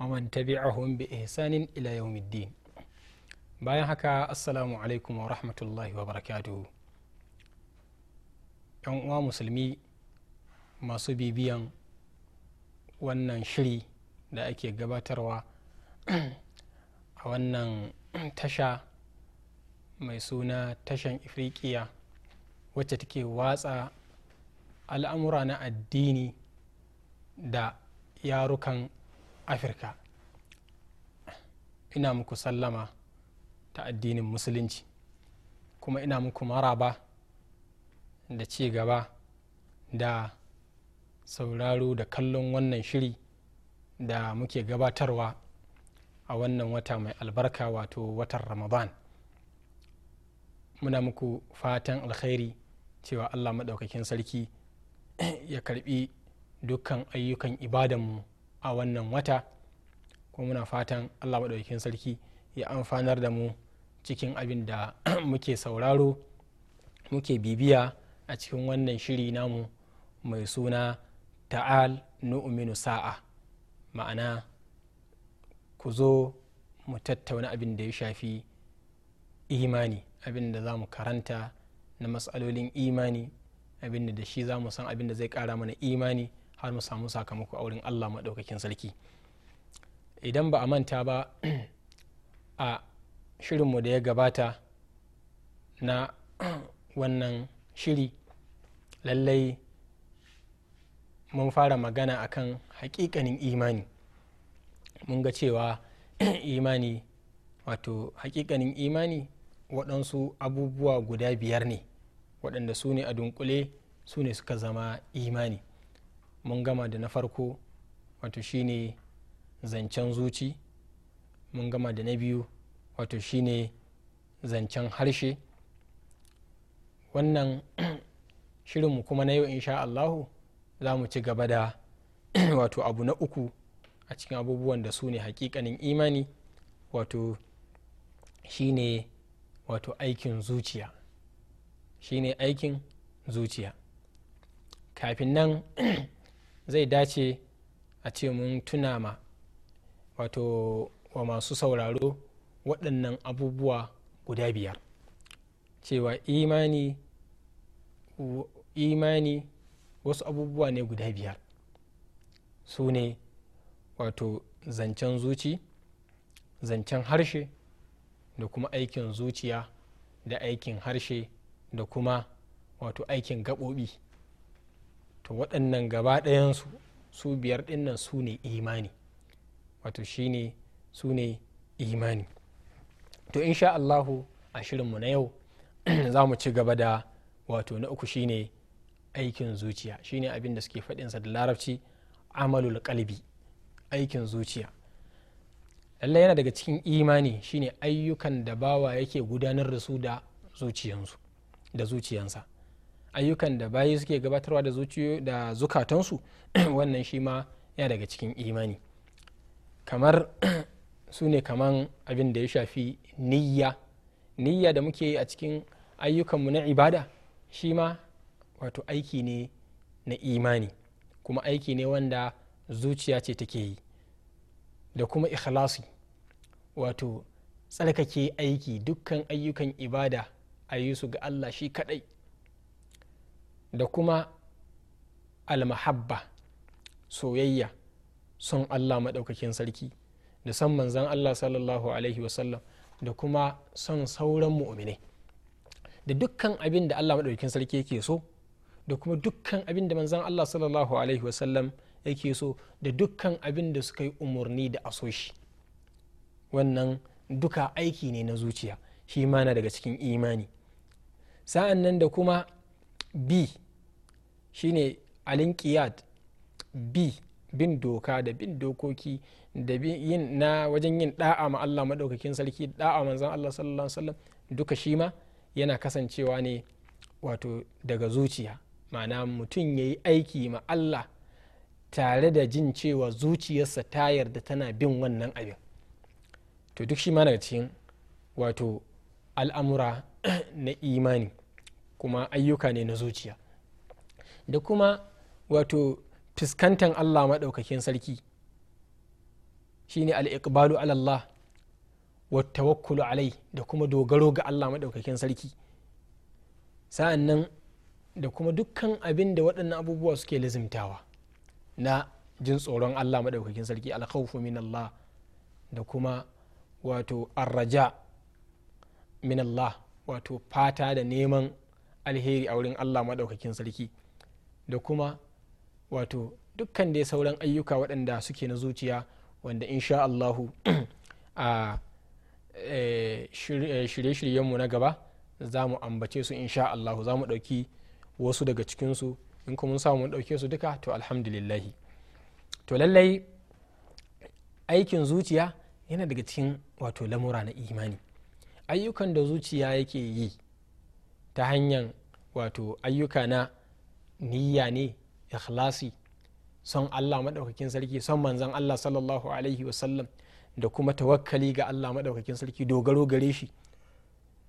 ومن تبعهم بإحسان إلى يوم الدين bayan haka assalamu alaikum wa rahmatullahi wa barakatuhu yan uwa musulmi masu bibiyan wannan shiri da ake gabatarwa a wannan tasha mai suna tashan ifriqiya wacce take watsa al'amura na addini da yarukan afirka ina muku sallama ta addinin musulunci kuma ina muku maraba da ci gaba da sauraro da kallon wannan shiri da muke gabatarwa a wannan wata mai albarka wato watan ramadan muna muku fatan alkhairi cewa allah maɗaukakin sarki ya karbi dukkan ayyukan ibadanmu a wannan wata kuma muna fatan allah maɗaukin sarki ya amfanar da mu cikin abin da muke sauraro muke bibiya a cikin wannan shiri namu mai suna ta'al nu'uminu sa'a ma'ana ku zo mu tattauna abin da ya shafi imani abin da za mu karanta na matsalolin imani abin da shi za mu san abin da zai kara mana imani har mu samu sakamako a wurin allah maɗaukakin sarki idan ba a manta ba a shirinmu da ya gabata na wannan shiri lallai mun fara magana akan hakikanin imani mun ga cewa imani wato hakikanin imani waɗansu abubuwa guda biyar ne waɗanda su ne a dunkule su ne suka zama imani mun gama da na farko wato shine zancen zuci mun gama da na biyu wato shine zancen harshe wannan shirinmu kuma na yau insha allahu za mu ci gaba da wato abu na uku a cikin abubuwan da su ne hakikanin imani wato shine wato aikin zuciya shine aikin zuciya kafin nan zai dace a ce mun tuna ma wato wa masu sauraro waɗannan abubuwa guda biyar cewa imani imani wasu abubuwa ne guda biyar su ne wato zancen zuci zancen harshe da kuma aikin zuciya da aikin harshe da kuma wato aikin gaɓoɓi to waɗannan gaba ɗayansu su biyar ɗinnan su ne imani wato shi ne su ne imani to insha allahu a shirinmu na yau za mu ci gaba da wato na uku shine aikin zuciya shine abin da suke faɗinsa da larabci amalul kalbi aikin zuciya lallai yana daga cikin imani shine ayyukan da bawa yake gudanar da su da zuciyansa ayyukan da bayi suke gabatarwa da zuciyo da zukatansu wannan shi ma ya daga cikin imani kamar su ne kaman abin da ya shafi niyya niyya da muke yi a cikin ayyukanmu na ibada shi ma wato aiki ne na imani kuma aiki ne wanda zuciya ce take yi da kuma ikhlasi wato tsarkake aiki dukkan ayyukan ibada a yi su ga allah shi kadai da kuma almahabba soyayya son allah maɗaukakin sarki da son manzan allah sallallahu alaihi wasallam da kuma son sauran mu'minai da dukkan abin da allah maɗaukakin sarki yake so da kuma dukkan abin da manzan allah sallallahu alaihi wasallam yake so da dukkan abin da suka yi umarni da aso wannan duka aiki ne na zuciya shi mana daga cikin imani sa'an nan da kuma b shine alinkiyat b bin doka da bin dokoki da yin na wajen yin da'a ma Allah madaukakin sarki da'a manzon Allah sallallahu alaihi wasallam duka shi ma yana kasancewa ne wato daga zuciya ma'ana mutum ya yi aiki ma Allah tare da jin cewa zuciyarsa ta yarda tana bin wannan abin to duk shi ma daga cikin wato al'amura na imani kuma ayyuka ne na zuciya da kuma wato fuskantar allah maɗaukakin sarki shine al'iqbalu ala allah wa tawakkulu alai da kuma dogaro ga allah maɗaukakin sarki sa'an nan da kuma dukkan abin da waɗannan abubuwa suke lizimtawa na jin tsoron allah maɗaukakin sarki alkhawfu min allah da kuma wato arraja min allah wato fata da neman alheri a wurin allah maɗaukakin sarki da kuma wato dukkan dai sauran ayyuka waɗanda suke na zuciya wanda insha allahu a e, e, shirye-shiryenmu na gaba za mu ambace su insha allahu za mu ɗauki wasu daga cikinsu in kuma samu ɗauke su duka to alhamdulillahi to lallai aikin zuciya yana daga cikin wato lamura na imani ayyukan da zuciya yake yi ta hanyar wato ayyuka na niyya ne ikhlasi son allah maɗaukakin sarki son manzan allah sallallahu alaihi wasallam da kuma tawakkali ga allah maɗaukakin sarki dogaro gare shi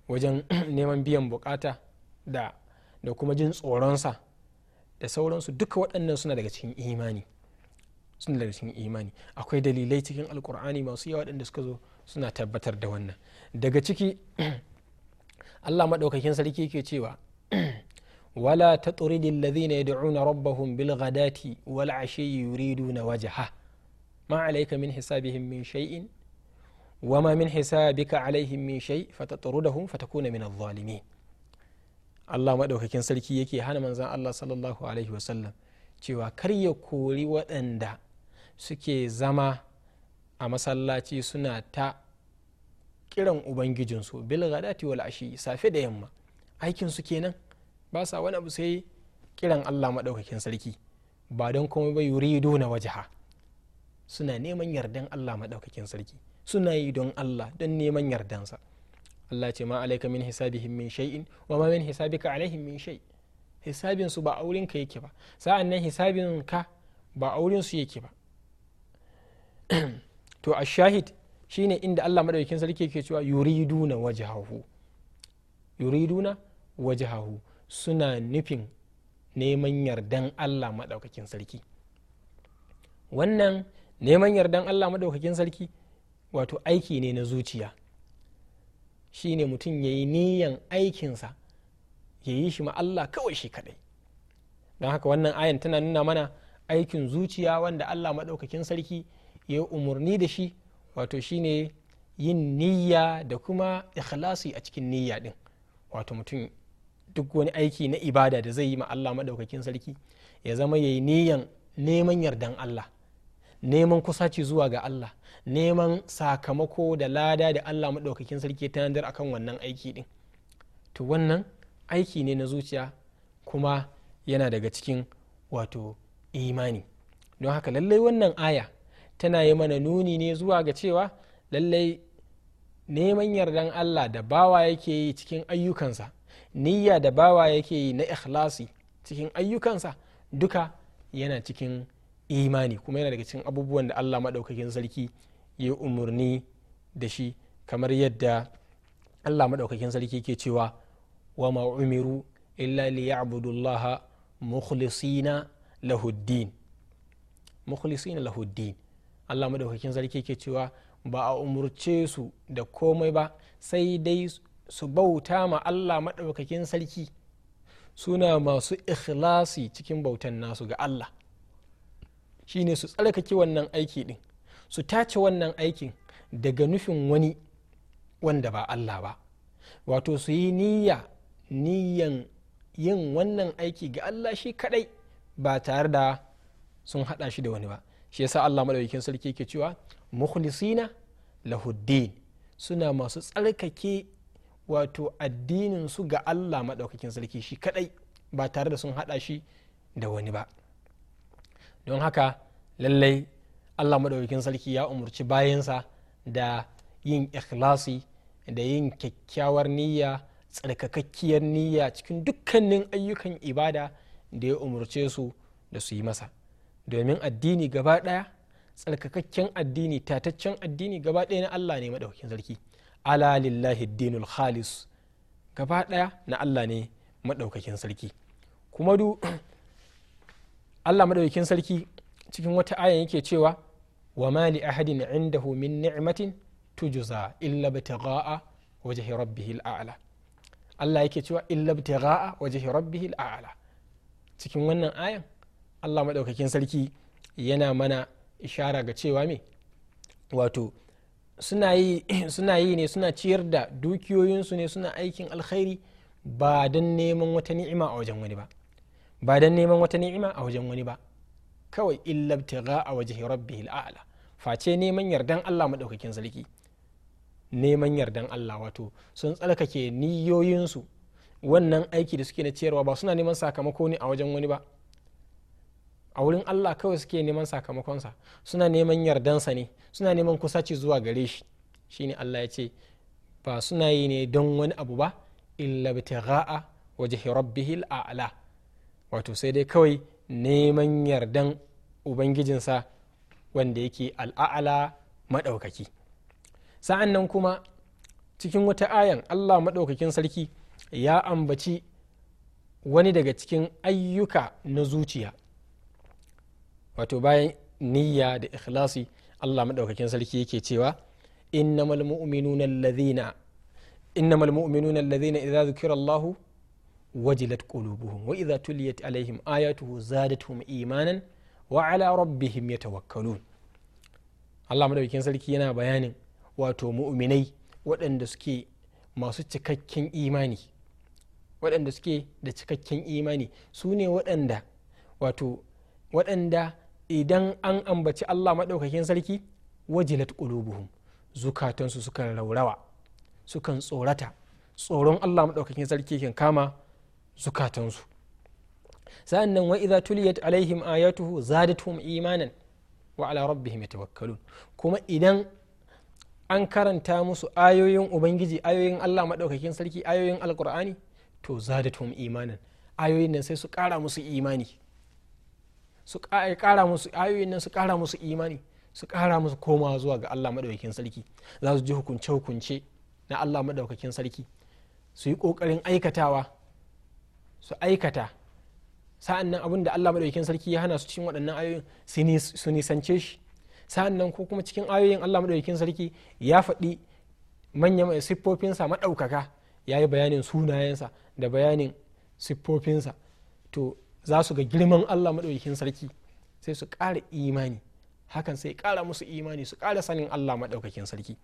wajen neman biyan bukata da da kuma jin tsoronsa da sauransu duka waɗannan suna daga cikin imani suna daga cikin imani akwai dalilai cikin alkur'ani masu yawa waɗanda suka zo suna tabbatar da wannan daga ciki allah maɗaukakin sarki ke cewa wala ta turidin lazina ya da'una rabbahum bil ghadati wal ashiyi yuridu na wajaha ma alaika min hisabihim min shay'in wa ma min hisabika alaihim min shay fatatrudahum fatakuna min adh-dhalimin Allah madaukakin sarki yake hana manzan Allah sallallahu alaihi wasallam cewa kar ya kori waɗanda suke zama a masallaci suna ta kiran ubangijinsu bil gadati wal ashi safe da yamma aikin su kenan ba sa wani abu sai kiran Allah madaukakin sarki ba don kuma ba yuridu na wajaha suna neman yardan Allah madaukakin sarki suna yi don Allah don neman yardan sa. Allah ce ma alaika min hisabihim min shay'in wa ma min hisabika alaihim min shay hisabin su ba auren ka yake ba sa'an nan hisabin ka ba auren su yake ba to ashahid shine inda Allah madaukakin sarki yake cewa yuriduna wajhahu yuriduna wajhahu suna nufin neman yardan Allah madaukakin sarki wannan neman yardan Allah madaukakin sarki wato aiki ne na zuciya shine mutum ya yi niyan aikinsa ya yi shi ma Allah kawai shi kadai don haka wannan ayan tana nuna mana aikin zuciya wanda Allah maɗaukakin sarki ya yi umarni da shi wato shine yin niyya da kuma ikhlasi a cikin niyya din wato mutum duk wani aiki na ibada da zai yi ma Allah maɗaukakin sarki ya zama ya yi niyyan neman yardan Allah neman kusaci zuwa ga Allah neman sakamako da lada da Allah maɗaukakin sarki ta nadar akan wannan aiki din to wannan aiki ne na zuciya kuma yana daga cikin wato imani don haka lallai wannan aya tana yi mana nuni ne zuwa ga cewa lallai neman yardan allah da bawa yake yi cikin ayyukansa niyya da bawa yake yi na ikhlasi cikin ayyukansa duka yana cikin imani kuma yana daga cikin abubuwan da allah maɗaukakin sarki ya umarni da shi kamar yadda allah maɗaukakin sarki ke cewa wa ma'umiru umiru illa liya'budullaha mukhlisina mukhlisina lahuddin allah madaukakin sarki ke cewa ba a umurce su da komai ba sai dai su bauta ma allah madaukakin sarki suna masu ikhlasi cikin bautan nasu ga allah shine su tsarkake wannan aiki din su tace wannan aikin daga nufin wani wanda ba allah ba wato su yi niyya niyyan yin wannan aiki ga allah shi kadai ba tare da sun hada shi da wani ba shi yasa Allah madaukakin sarki yake cewa mukhlisina lahuddin suna masu tsarkake wato addinin su ga Allah madaukakin sarki shi kadai ba tare da sun hada shi da wani ba don haka lallai Allah madaukakin sarki ya umurci bayansa da yin ikhlasi da yin kyakkyawar niyya tsarkakakkiyar niyya cikin dukkanin ayyukan ibada da ya umurce su da su yi masa domin addini gaba ɗaya tsarkakakken addini tataccen addini gaba ɗaya na Allah ne maɗaukakin sarki ala lillahi dinul khalis gaba ɗaya na Allah ne maɗaukakin sarki kuma du Allah maɗaukakin sarki cikin wata ayan yake cewa wa ma li ahadin indahu min ni'matin tujza illa btigha'a wajhi rabbihil a'la Allah yake cewa illa btigha'a wajhi rabbihil a'la cikin wannan ayan allah maɗaukakin sarki yana mana ishara ga cewa me wato suna yi ne suna ciyar da dukiyoyinsu ne suna aikin alkhairi ba don neman wata ni'ima a wajen wani ba ba don neman wata ni'ima a wajen wani ba kawai illabtiga a wajen rabbihil a'la face neman yardan Allah maɗaukakin sarki neman yardan Allah wato sun tsarkake niyoyinsu wannan aiki da suke na ciyarwa ba suna neman sakamako ne a wajen wani ba a wurin allah kawai suke neman sakamakonsa suna neman yardansa ne suna neman kusaci zuwa gare shi shine allah ya ce ba suna yi ne don wani abu ba illa bitiga'a wajhi rabbihil a'la wato sai dai kawai neman yardan ubangijinsa wanda yake al'a'ala maɗaukaki sa'an nan kuma cikin wata ayan allah maɗaukakin sarki ya ambaci wani daga cikin ayyuka na zuciya wato bayan niyya da ikhlasi Allah madaukakin sarki yake cewa innamal mu'minuna alladhina innamal mu'minuna alladhina idza dhukira Allahu wajilat qulubuhum wa idza tuliyat alaihim ayatuhu zadatuhum imanan wa ala rabbihim yatawakkalun Allah madaukakin sarki yana bayanin wato mu'minai waɗanda suke masu cikakken imani waɗanda suke da cikakken imani su ne waɗanda wato waɗanda idan an ambaci allah maɗaukakin sarki wajilat qulubuhum zukatansu sukan raurawa sukan tsorata tsoron allah maɗaukakin sarki kan kama zukatansu sa'an nan wa idza tuliyat alaihim ayatuhu zadatuhum imanan wa ala rabbihim yatawakkalun kuma idan an karanta musu ayoyin ubangiji ayoyin allah maɗaukakin sarki ayoyin alkur'ani to zadatuhum imanan ayoyin nan sai su ƙara musu imani su kara musu ayoyin nan su kara musu imani su kara musu komawa zuwa ga Allah madaukakin sarki za su ji hukunce hukunce na Allah madaukakin sarki su yi ƙoƙarin aikatawa su aikata sa'an nan abin da Allah madaukakin sarki ya hana su cikin waɗannan ayoyin su nisance shi sa'an nan ko kuma cikin ayoyin Allah madaukakin sarki ya faɗi manya mai siffofinsa maɗaukaka ya yi bayanin sunayensa da bayanin siffofinsa to za su ga girman allah maɗaukakin sarki sai su ƙara imani hakan sai ƙara musu imani su ƙara sanin allah maɗaukakin sarki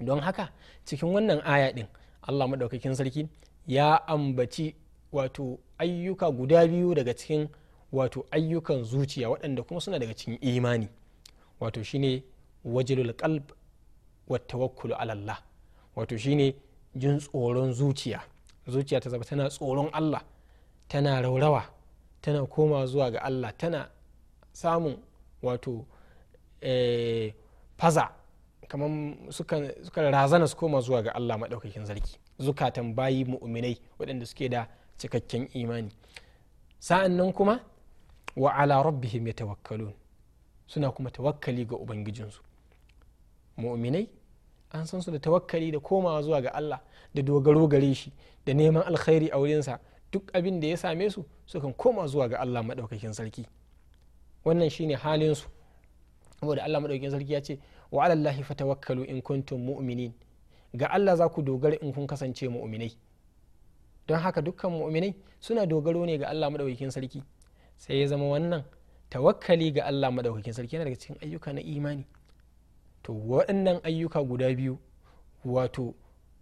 don haka cikin wannan aya ɗin allah maɗaukakin sarki ya ambaci wato ayyuka guda biyu daga cikin wato ayyukan zuciya waɗanda kuma suna daga cikin imani wato shine wajilul qalb wa ala Allah wato shine jin tsoron zuciya zuciya ta zaba tana tsoron Allah tana raurawa tana koma zuwa ga allah tana samun wato eh, faza kamar sukan razana su koma zuwa ga allah maɗaukakin sarki zukatan bayi mu'uminai waɗanda suke da cikakken imani sa'an nan kuma wa ala rabbihim yatawakkalun suna kuma tawakkali ga ubangijinsu mu'minai an san su da tawakkali da komawa zuwa ga Allah da dogaro gare shi da neman alkhairi a wurinsa duk abin da ya same su sukan koma zuwa ga Allah maɗaukakin sarki wannan shine halin su saboda Allah maɗaukakin sarki ya ce wa alallahi fatawakkalu in kuntum mu'minin ga Allah za ku dogara in kun kasance mu'minai don haka dukkan mu'minai suna dogaro ne ga Allah maɗaukakin sarki sai ya zama wannan tawakkali ga Allah maɗaukakin sarki yana daga cikin ayyuka na imani to waɗannan ayyuka guda biyu wato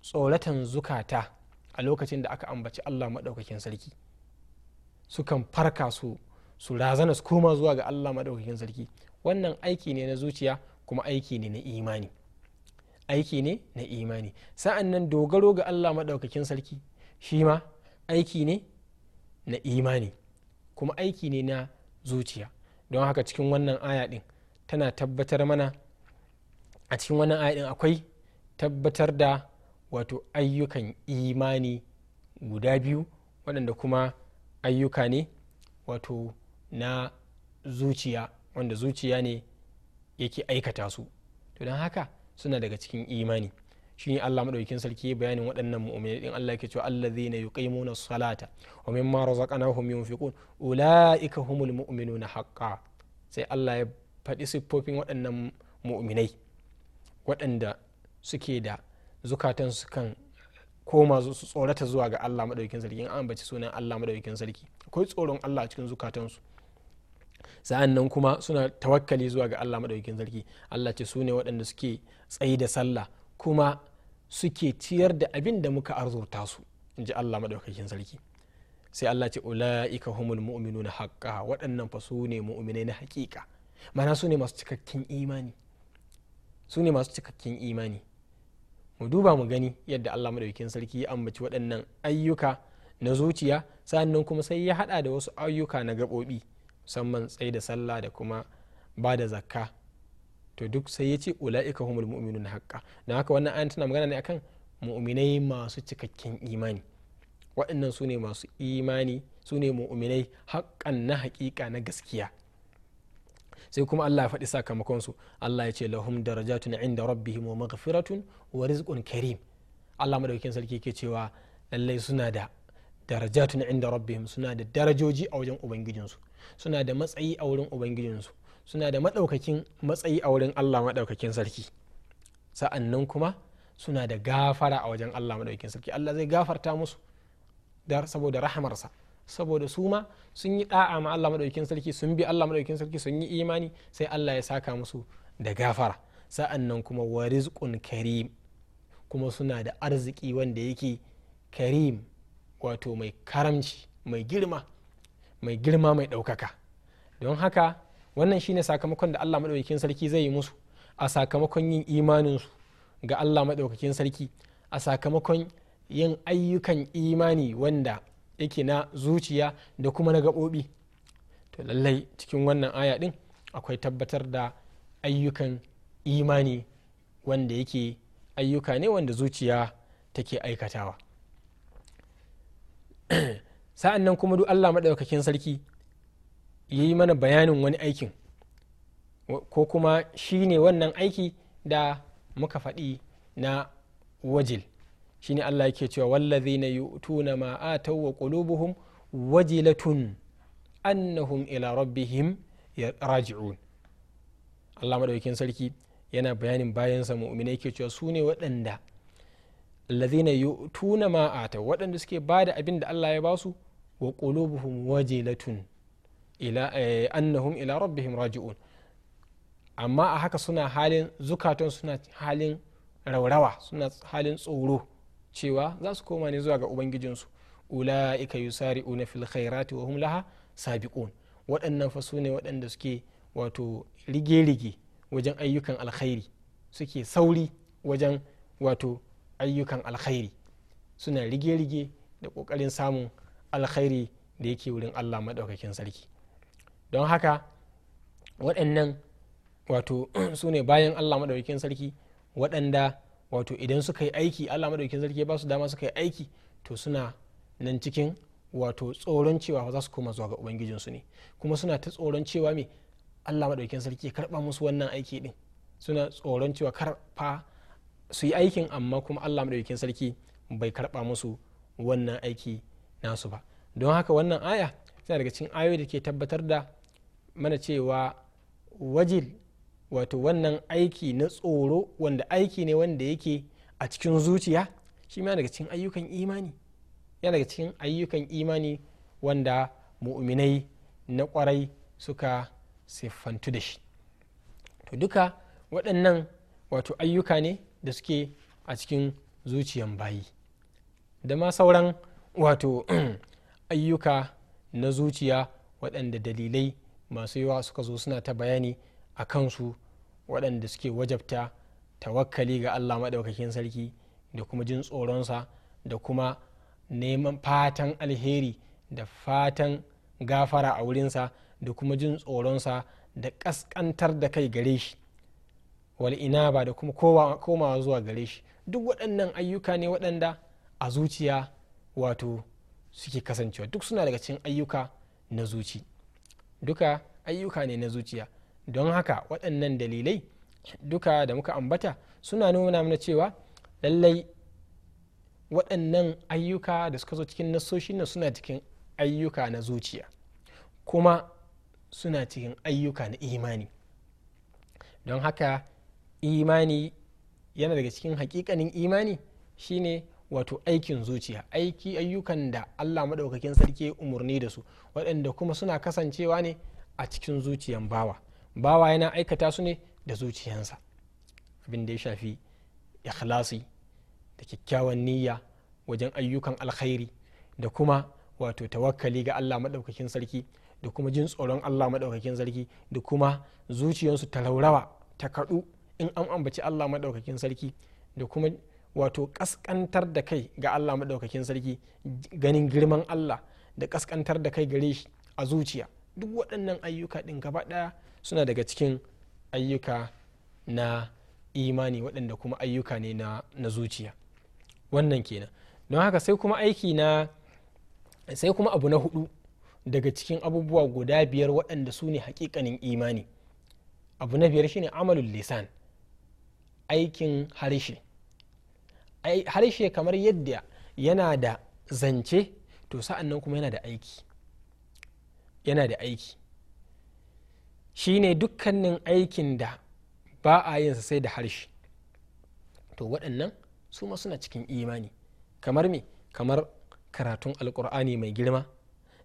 tsoratan zukata a lokacin da aka ambaci allah maɗaukakin sarki sukan farka su su razana su koma zuwa ga allah maɗaukakin sarki wannan aiki ne na zuciya kuma aiki ne na imani aiki ne na imani sa'an nan dogaro ga allah maɗaukakin sarki shi ma aiki ne na imani kuma aiki ne na zuciya don haka cikin wannan aya ɗin tana tabbatar mana a cikin wannan aya ɗin akwai tabbatar da wato ayyukan imani guda biyu waɗanda kuma ayyuka ne wato na zuciya wanda zuciya ne yake aikata su to don haka suna daga cikin imani shi ne Allah madaukakin sarki ya bayanin waɗannan mu'minai din Allah yake cewa allazina yuqimuna salata wa mimma razaqnahum yunfiqun ulaika humul na haqqan sai Allah ya faɗi siffofin waɗannan mu'minai waɗanda suke da zukatan su kan koma su tsorata zuwa ga Allah madaukakin sarki an bace sunan Allah madaukakin sarki akwai tsoron Allah cikin zukatan su sa'an nan kuma suna tawakkali zuwa ga Allah madaukakin sarki Allah ce su waɗanda suke tsayi da sallah kuma suke ciyar da abin da muka arzurta su in ji Allah madaukakin sarki sai Allah ce ula'ika humul mu'minuna haqqa waɗannan fa su mu'minai na haƙiƙa mana sune masu cikakken imani su masu cikakken imani mu duba mu gani yadda Allah madaukakin sarki ya ambaci waɗannan ayyuka na zuciya sannan kuma sai ya hada da wasu ayyuka na gaɓoɓi musamman tsaye da sallah da kuma ba da zakka to duk sai ya ce ula'ika humul mu'minun haqqa dan haka wannan ayan tana magana ne akan mu'minai masu cikakken imani waɗannan su ne masu imani su ne mu'minai haƙƙan na haƙiƙa na gaskiya sai kuma Allah ya faɗi sakamakon su Allah ya ce lahum darajatun inda rabbihim wa maghfiratun wa rizqun karim Allah madaukakin sarki yake cewa lallai suna da darajatun inda rabbihim suna da darajoji a wajen ubangijinsu suna da matsayi a wurin ubangijinsu suna da madaukakin matsayi a wurin Allah madaukakin sarki sa'annan kuma suna da gafara a wajen Allah madaukakin sarki Allah zai gafarta musu saboda rahamarsa saboda su ma sun yi da'a ma Allah madaukakin sarki sun bi Allah madaukakin sarki sun yi imani sai Allah ya saka musu da gafara sa'an nan kuma wa rizqun karim kuma suna da arziki wanda yake karim wato mai karamci mai girma mai girma mai ɗaukaka don haka wannan shine sakamakon da allah maɗaukakin sarki zai yi musu a sakamakon yin su ga allah maɗaukakin sarki a sakamakon yin ayyukan imani wanda yake na zuciya da kuma na gaɓoɓi to lallai cikin wannan aya ɗin akwai tabbatar da ayyukan imani wanda yake ayyuka ne wanda zuciya take aikatawa sa'an nan kuma duk allah maɗaukakin sarki ya yi mana bayanin wani aikin ko kuma shi ne wannan aiki da muka faɗi na wajil shine Allah yake cewa wallazina yu'tuna ma ataw wa qulubuhum wajilatun annahum ila rabbihim raji'un Allah madaukakin sarki yana bayanin bayan sa mu'minai yake cewa su ne waɗanda allazina yu'tuna ma ataw waɗanda suke bada abin da Allah ya basu wa qulubuhum wajilatun ila eh, annahum ila rabbihim raji'un amma a haka suna halin zukatun suna halin raurawa suna halin tsoro cewa za su koma ne zuwa ga ubangijinsu ula'ika yusari'una fil khairati wa hum laha waɗannan fa su ne waɗanda suke wato rige-rige wajen ayyukan alkhairi suke sauri wajen wato ayyukan alkhairi suna rige-rige da ƙoƙarin samun alkhairi da yake wurin allah maɗaukakin sarki don haka waɗannan wato su ne bayan allah maɗaukakin sarki waɗanda wato idan suka yi aiki allah madaukin sarki ya ba su dama suka yi aiki to suna nan cikin wato tsoron cewa za su koma zuwa ga ubangijinsu ne kuma suna ta tsoron cewa me allah madaukin sarki ya karba musu wannan aiki din suna tsoron cewa karfa su yi aikin amma kuma allah madaukin sarki bai karba musu wannan aiki nasu ba don haka wannan aya tana daga cikin ayoyi da ke tabbatar da mana cewa wajil wato wannan aiki na tsoro wanda aiki ne wanda yake a cikin zuciya shi ma daga cikin ayyukan imani yana daga cikin ayyukan imani wanda mu'minai na kwarai suka siffantu da shi to duka waɗannan wato ayyuka ne da suke a cikin zuciyan bayi da ma sauran wato ayyuka na zuciya waɗanda dalilai masu yawa suka zo suna ta bayani a kansu waɗanda suke wajabta tawakkali ga allah maɗaukakin sarki da kuma jin tsoronsa da kuma neman fatan alheri da fatan gafara a wurinsa da kuma jin tsoronsa da ƙasƙantar da kai gare shi wal'inaba da kuma komawa zuwa gare shi duk waɗannan ayyuka ne waɗanda a zuciya wato suke kasancewa duk suna daga cikin ayyuka na zuci duka ayyuka ne na zuciya don haka waɗannan dalilai duka da muka ambata suna nuna mana cewa lallai waɗannan ayyuka da suka zo cikin nassoshi na suna cikin ayyuka na zuciya kuma suna cikin ayyuka na imani don haka imani yana daga cikin hakikanin imani shine wato aikin zuciya aiki ayyukan da allah maɗaukakin sarki umarni da su waɗanda kuma suna kasancewa ne a cikin zuciyan bawa bawa yana aikata su ne da zuciyansa abin da ya shafi ikhlasi da kyakkyawan niyya wajen ayyukan alkhairi da kuma wato tawakkali ga allah maɗaukakin sarki da kuma jin tsoron allah maɗaukakin sarki da kuma zuciyarsu ta raurawa ta kaɗu in an ambaci allah maɗaukakin sarki da kuma wato ƙasƙantar da kai ga allah maɗaukakin sarki ganin girman allah da ƙasƙantar da kai gare shi a zuciya duk waɗannan ayyuka ɗin gaba ɗaya suna daga cikin ayyuka na imani waɗanda kuma ayyuka ne na, zuciya wannan kenan don haka sai kuma aiki na sai kuma abu na hudu daga cikin abubuwa guda biyar waɗanda su ne hakikanin imani abu na biyar shine amalul lisan aikin harshe harshe kamar yadda yana da zance to sa'an nan kuma yana da aiki yana da aiki shi ne dukkanin aikin da ba a yin sai da harshe to waɗannan su ma suna cikin imani kamar me kamar karatun alkur'ani mai girma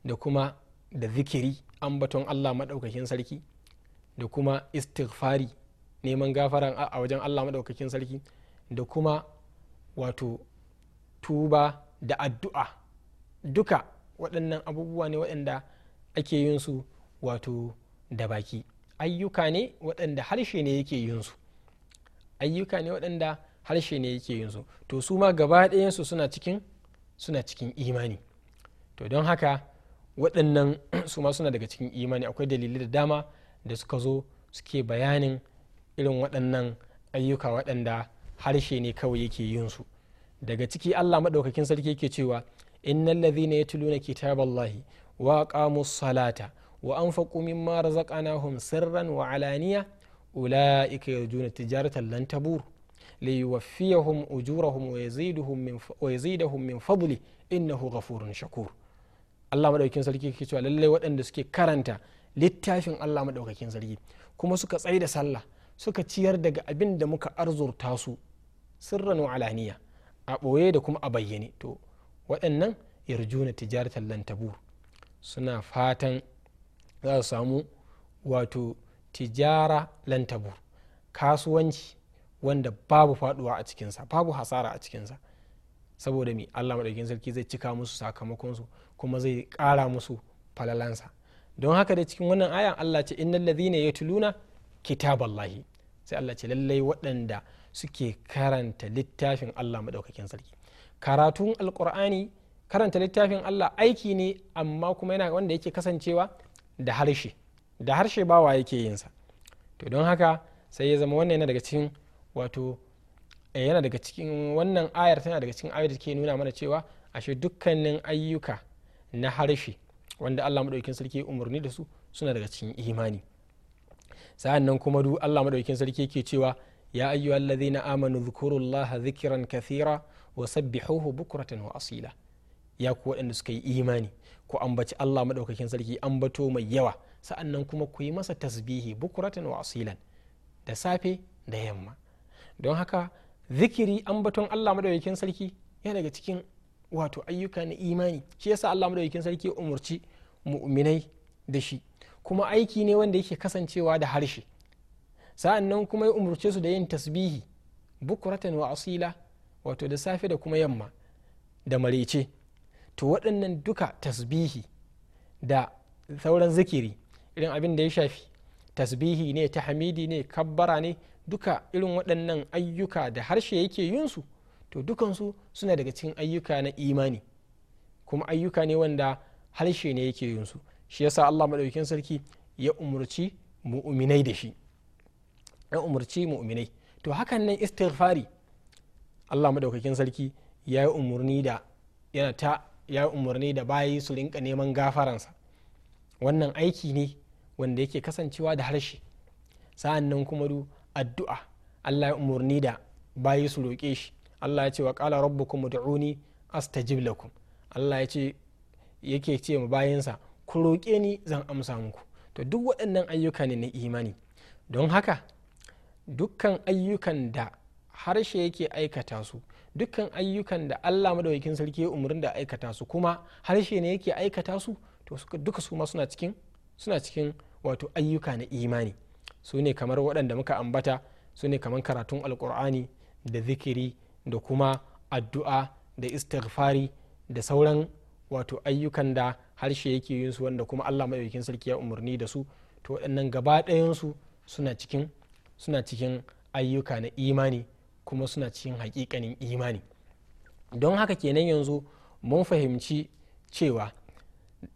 da kuma da zikiri ambaton allah maɗaukakin sarki da kuma istighfari neman gafara a wajen allah maɗaukakin sarki da kuma wato tuba da addu'a duka waɗannan abubuwa ne waɗanda ake yin su wato da baki ayyuka ne waɗanda harshe ne yake yin su ayyuka ne waɗanda harshe ne yake yin su to su ma gaba su suna cikin suna cikin imani to don haka waɗannan su ma suna daga cikin imani akwai dalilai da dama da suka zo suke bayanin irin waɗannan ayyuka waɗanda harshe ne kawai yake yin su daga ciki allah maɗaukakin sarki yake cewa innal ladhina yatluna kitaballahi wa qamus salata wa anfaqu mimma razaqnahum sirran wa alaniya ulaika yarjuna tijaratan lan tabur liyuwaffiyahum ujurahum wa yazidahum min fadli innahu ghafurun shakur Allah madaukakin sarki yake cewa lallai waɗanda suke karanta littafin Allah maɗaukakin sarki kuma suka tsaye sallah suka ciyar daga abin da muka arzurta su sirran wa a ɓoye da kuma a bayyane to waɗannan yarjuna tijaratan lan lantabur. suna fatan za su samu wato tijara lantabu kasuwanci wanda babu faduwa a cikinsa babu hasara a cikinsa saboda mi allah maɗaukin sarki zai cika musu sakamakonsu kuma zai ƙara musu falalansa don haka da cikin wannan ayan allah ce innal ladhina yatluna kitaballahi sai allah ce lallai waɗanda suke karanta littafin allah maɗaukakin sarki karatun alkur'ani karanta littafin Allah aiki ne amma kuma yana wanda yake kasancewa da harshe da harshe bawa yake yinsa to don haka sai ya zama wannan yana daga cikin wato eh, yana daga cikin wannan ayar tana daga cikin ayar da ke nuna mana cewa ashe dukkanin ayyuka na harshe wanda Allah madaukakin sarki umarni da su suna daga cikin imani sa'an nan kuma duk Allah madaukakin sarki yake cewa ya ayyuhallazina amanu zkurullaha dhikran kathira wa sabbihuhu bukratan wa asila ya ku waɗanda suka yi imani ku ambaci Allah maɗaukakin sarki an bato mai yawa sannan kuma ku yi masa tasbihi bukuratan wa asilan da safe da yamma don haka zikiri an ambaton Allah maɗaukakin sarki yana daga cikin wato ayyuka na imani shi yasa Allah maɗaukakin sarki umurci mu'minai da shi kuma aiki ne wanda yake kasancewa da harshe sa'annan kuma ya umurce su da yin tasbihi bukuratan wa asila wato da safe da kuma yamma da marece to waɗannan duka tasbihi da sauran zikiri irin abin da ya shafi tasbihi ne ta hamidi ne kabbara ne duka irin waɗannan ayyuka da harshe yake yinsu to dukansu suna daga cikin ayyuka na imani kuma ayyuka ne wanda harshe ne yake yunsu, shi yasa allah maɗaukin sarki ya umurci mu'uminai da shi ya umurci mu'uminai to hakan nan istighfari allah maɗaukakin sarki ya yi umurni da yana ta ya umarni da bayi su rinka neman gafaransa wannan aiki ne wanda yake kasancewa da harshe sa'an nan kuma du addu'a allah ya umarni da bayi su roƙe shi allah ya ce wa ƙala da uni astajib lakum allah ya ce yake ce ma bayansa ku roƙe ni zan amsa muku to duk waɗannan ayyuka ne na imani don haka dukkan ayyukan da harshe yake aikata su dukkan ayyukan da allah madawakin sarki ya umarni da aikata su kuma harshe ne yake aikata su to duka su ma suna cikin suna cikin wato ayyuka na imani su ne kamar waɗanda muka ambata su ne kamar karatun alkur'ani da zikiri da kuma addu'a da istighfari da sauran wato ayyukan da harshe yake yin su wanda kuma allah madawakin sarki ya umarni da su to waɗannan gaba ɗayansu suna cikin suna cikin ayyuka na imani kuma suna cikin hakikanin imani don haka kenan yanzu mun fahimci cewa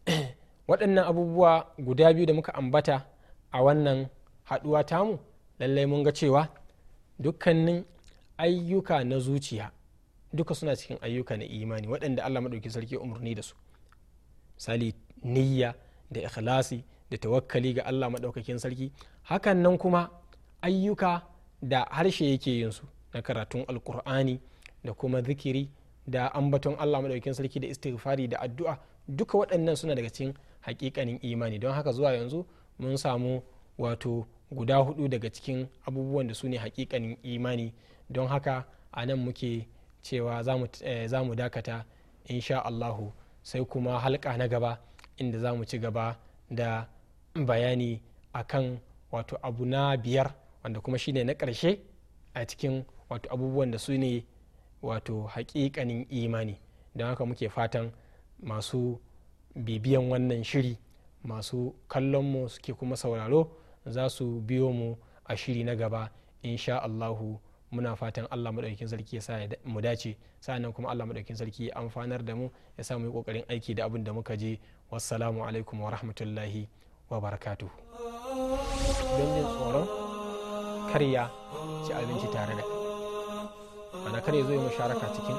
waɗannan abubuwa guda biyu da muka ambata a wannan haɗuwa tamu lallai mun ga cewa dukkanin ayyuka na zuciya duka suna cikin ayyuka na imani waɗanda allah maɗauki sarki umarni da su misali niyya da ikhlasi da tawakkali ga allah maɗaukakin sarki hakan nan kuma ayyuka da harshe yake yin su na karatun alkur'ani da kuma zikiri da ambaton allah maɗaukin sarki da istighfari da addu'a duka waɗannan suna daga cikin hakikanin imani don haka zuwa yanzu mun samu wato guda hudu daga cikin abubuwan da su ne hakikanin imani don haka a nan muke cewa eh, za mu dakata insha allahu sai kuma halka na gaba inda za mu ci gaba da bayani akan wato abu na biyar wanda kuma shine na ƙarshe a cikin wato abubuwan da su ne wato hakikanin imani don haka muke fatan masu bibiyan wannan shiri masu kallon mu suke kuma sauraro za su biyo mu a shiri na gaba insha allahu muna fatan allah maɗaukin sarki ya sa mu dace sa'annan kuma allah maɗaukin sarki ya amfanar da mu ya sa mu yi ƙoƙarin aiki da abin da muka je wassalamu alaikum wa rahmatullahi wa barakatuhu don jin tsoron karya ci abinci tare da ana kare ya zo yi musharaka cikin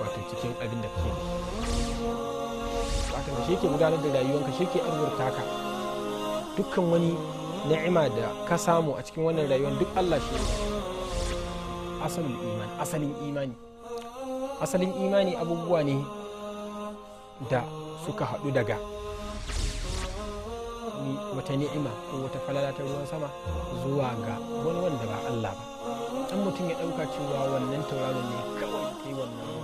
wato cikin abin da kake wato shi ke gudanar da rayuwanka shi ke arzurta ka dukkan wani ni'ima da ka samu a cikin wannan rayuwar duk Allah shi asalin imani asalin imani asalin imani abubuwa ne da suka haɗu daga wata ni'ima ko wata falala ta ruwan sama zuwa ga wani wanda ba Allah ba an mutum ya ɗauka cewa wannan tauraron ne kawai ke wannan